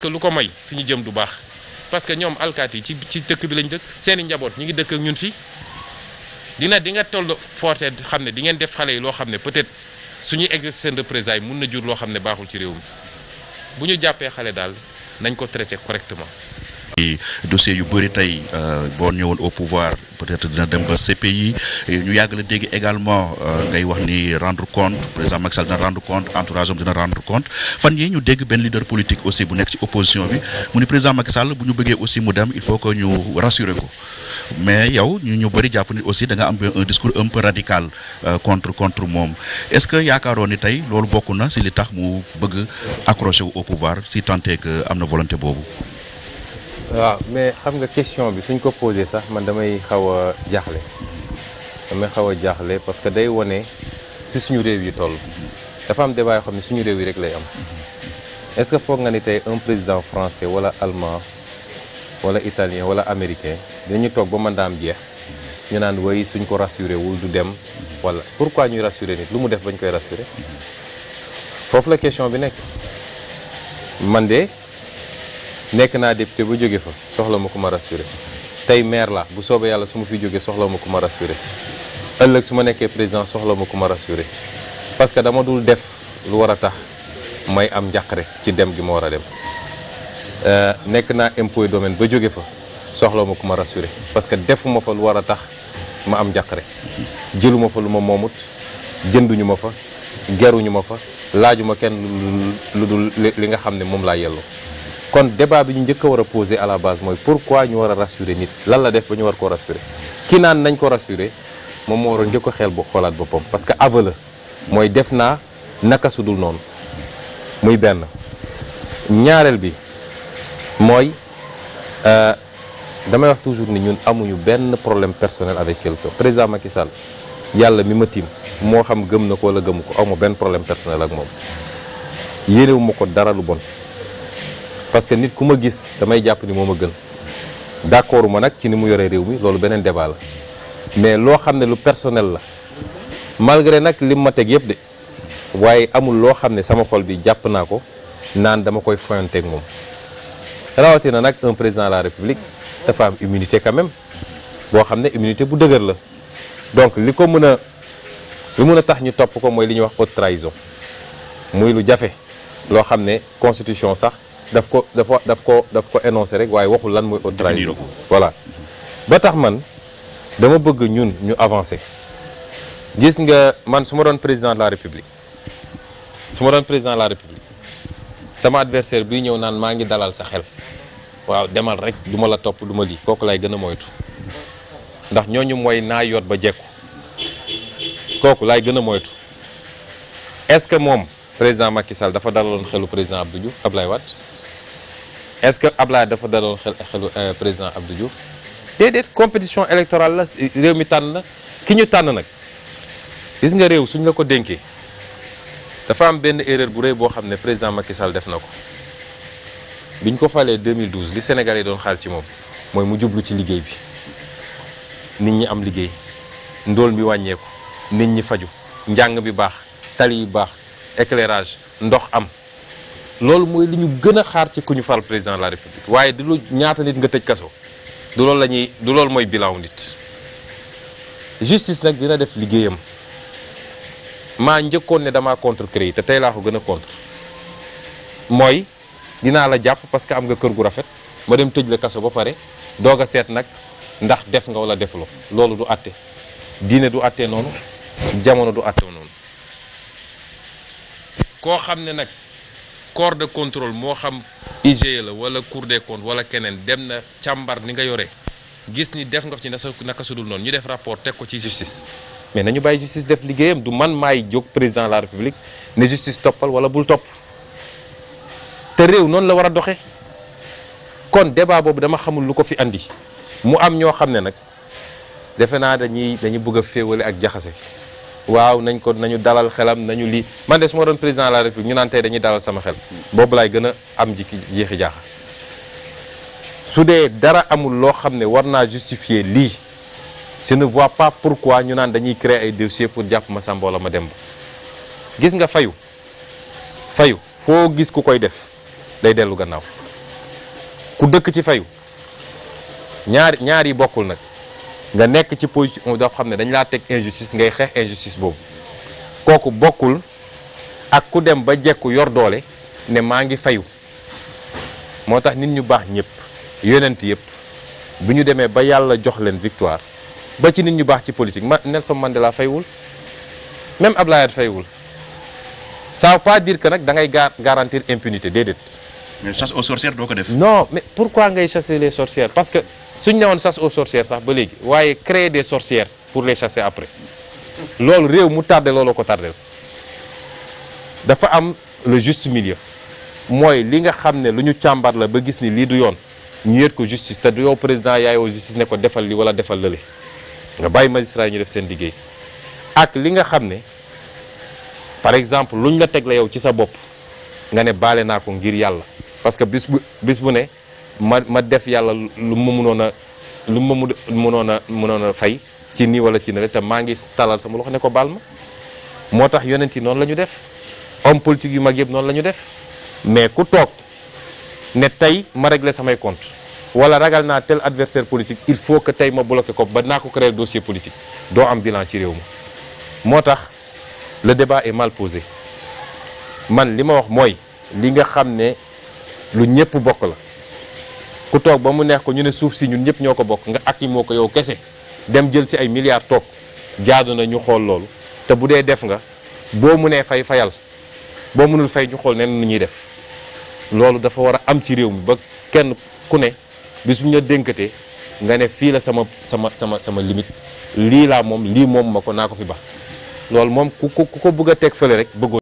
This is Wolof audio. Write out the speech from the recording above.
que lu ko may fi ñu jëm du baax parce que ñoom alkaati ci ci dëkk bi lañ dëkk seeni njaboot ñu ngi dëkk ak ñun fii dina di nga toll forte xam ne di ngeen def xale yi loo xam ne peut-être suñuy exercer seen yi mun na jur loo xam ne baaxul ci réew mi bu ñu jàppee xale daal nañ ko traité correctement dossier yu bëri tey euh, boo ñëwoon au pouvoir peut-être dina dem ba CPI ñu yàgg la dégg également euh, ngay wax ni rendre compte président Macky Sall dina rendre compte entourage am dina rendre compte fan yi ñu dégg benn leader politique aussi bu nekk ci opposition bi mu ni président Macky Sall bu ñu bëggee aussi mu dem il faut que ñu rassurer ko mais yow ñu ñu bëri jàpp ni aussi danga nga am un discours un peu radical euh, contre contre moom est-ce que yaakaaroon ni tey loolu bokk na si li tax mu bëgg accroché wu au pouvoir si tant am na volonté boobu waaw mais xam nga question bi suñ ko posé sax man damay xaw a jaaxle damay xaw a jaaxle parce que day wane ci suñu réew yi toll dafa am débat yoo xam ne suñu réew yi rek lay am est-ce que foog nga ni tey un président français wala allemand wala italien wala américain dañu toog ba mandaam jeex ñu naan way suñ ko rassuré wul du dem wala pourquoi ñuy rassuré nit lu mu def bañ koy rassuré foofu la question bi nekk man de nekk naa député ba jóge fa soxla ma ku ma rassuré tey maire la bu soobee yàlla su ma fi jógee soxla ma ku ma rassuré ëllëg su ma nekkee président soxla ma ku ma rassuré parce que dama dul def lu war a tax may am njàqare ci dem gi ma war a dem euh, nekk naa impôt domaine ba jóge fa soxla ma ku ma rassuré parce que defuma fa lu war a tax ma am njàqare jëluma fa lu ma moomut jënduñu ma fa geruñu ma fa laajuma kenn lu dul li nga xam ne moom laa yelloo kon débat bi ñu njëkk war a poser à la base mooy pourquoi ñu war a rassurer nit lan la def ba ñu war ko rassurer ki naan nañ ko rassurer moom moo waroon njëkk a xel bu xoolaat boppam parce que aveu la mooy def naa naka sudul noonu muy benn ñaareel bi mooy euh, damay wax toujours ni ñun amuñu benn problème personnel avec quelqu'un président Macky Sall yàlla mi ma tiim moo xam gëm na ko wala gëmu ko aw ma benn problème personnel ak moom yéenewu ko dara lu bon parce que nit ku ma gis damay jàpp ni moom a gën d'accord ma nag ci ni mu yore réew mi loolu beneen débat la mais loo xam ne lu personnel la malgré nag lim ma teg yëpp de waaye amul loo xam ne sama xol bi jàpp naa ko naan dama koy foyanteeg moom rawatina nag un président la république dafa am immunité quand boo xam ne immunité bu dëgër la donc li ko mën a li mën a tax ñu topp ko mooy li ñuy wax haute trahison muy lu jafe loo xam ne constitution sax daf ko dafa daf ko daf ko énoncé rek waaye waxul lan mooy haute trahison voilà ba tax man dama bëgg ñun ñu avancé gis nga man su ma doon président la république su ma doon président la république sama adversaire bi ñëw naan maa ngi dalal sa xel waaw demal rek du ma la topp du ma lii kooku lay gën a moytu ndax ñooñu moy naa yoot ba jekku kooku laay gën a moytu est-ce que moom président Macky Sall dafa dalaloon xelu président Abdou ab lay Wade est-ce que Ablaye dafa daloon xel xelu euh, président Abdou Diouf déedéet compétition électorale la réew mi tànn la ki ñu tànn nag gis nga réew suñ la ko dénkee dafa am benn erreur bu réy boo xam ne président Macky Sall def na ko biñ ko falee 2012 li Sénégalais doon xaar ci moom mooy mu jublu ci liggéey bi nit ñi am liggéey ndool mi wàññeeku nit ñi faju njàng bi baax tali yi baax éclairage ndox am loolu mooy li ñu gën a xaar ci ku ñu fal président de la république waaye du lu ñaata nit nga tëj kaso du loolu la ñuy du lool mooy bilan nit justice nag dina def liggéeyam maa njëkkoon ne dama contre yi te tey laa ko gën a contre mooy dinaa la jàpp parce que am nga kër gu rafet ma dem tëj la kaso ba pare doog a seet nag ndax def nga wala defuloo loolu du àtte diine du àttee noonu jamono du àttee noonu koo xam ne nag corps de contrôle moo xam IGE la wala cour des comptes wala keneen dem na càmbar ni nga yore gis ni def nga ci nasa naka sudul noonu ñu def rapport teg ko ci justice mais nañu bàyyi justice def liggéeyam du man may jóg président la république ne justice toppal wala bul topp te réew noonu la war a doxe kon débat boobu dama xamul lu ko fi andi mu am ñoo xam ne nag defe naa dañuy dañu bëgg a féewale ak jaxase waaw nañ ko nañu dalal xelam nañu lii man de su ma doon président de la république ñu naan tey dañuy dalal sama xel boobu laay gën a am ji yéexi jaaxa su dee dara amul loo xam ne war naa justifier lii je ne vois pas pourquoi ñu naan dañuy créer ay dossier pour jàpp ma Samba wala ma Demba gis nga fayu fayu foo gis ku koy def day dellu gannaaw ku dëkk ci fayu ñaar ñaar yi bokkul nag nga nekk ci position doo xam ne dañ laa teg injustice ngay xeex injustice boobu kooku bokkul ak ku dem ba jekku yor doole ne maa ngi fayu moo tax nit ñu baax ñëpp yonent yëpp bu ñu demee ba yàlla jox leen victoire ba ci nit ñu baax ci politique ma Nelson Mandela faywul même Ablaye faywul ça veut pas dire que nag da ngay garantir impunité déedéet mais chasse aux sorcières doo ko def. non mais pourquoi ngay chasser les sorcières parce que suñ ne woon chasse aux sorcières sax ba léegi waaye créer des sorcières pour les chasser après loolu réew mu tardé loolu ko tardé dafa am le juste milieu mooy li nga xam ne lu ñu càmbar la ba gis ni lii du yoon ñu yët ko justice te du yow président yaayoo justice ne ko defal li wala defal lële nga bàyyi magistrat ñu def seen liggéey ak li nga xam ne par exemple luñ la teg la yow ci sa bopp nga ne baale naa ko ngir yàlla parce que bis bu bis bu ne ma ma def yàlla lu ma mënoon a lu ma mënoon a mënoon a fay ci nii wala ci ne te maa ngi talal sama loxo ne ko baal ma moo tax yonent yi noonu la ñu def homme politique yu mag yëpp noonu la ñu def mais ku toog ne tey ma régler samay compte wala ragal naa tel adversaire politique il faut que tey ma bloqué ko ba naa ko créer dossier politique doo am bilan ci réew mi moo tax le débat est mal posé man li ma wax mooy li nga xam lu ñëpp bokk la ku toog ba mu neex ko ñu ne suuf si ñun ñëpp ñoo ko bokk nga ak yi moo ko yow kese dem jël si ay milliards toog jaadu na ñu xool loolu te bu dee def nga boo mënee fay fayal boo mënul fay ñu xool nen nu ñuy def loolu dafa war a am ci réew mi ba kenn ku ne bis bu ñu dénkatee nga ne fii la sama sama sama sama limite lii laa moom lii moom ma ko naa ko fi ba loolu moom ku ku ko bëgg teg fële rek bëggoon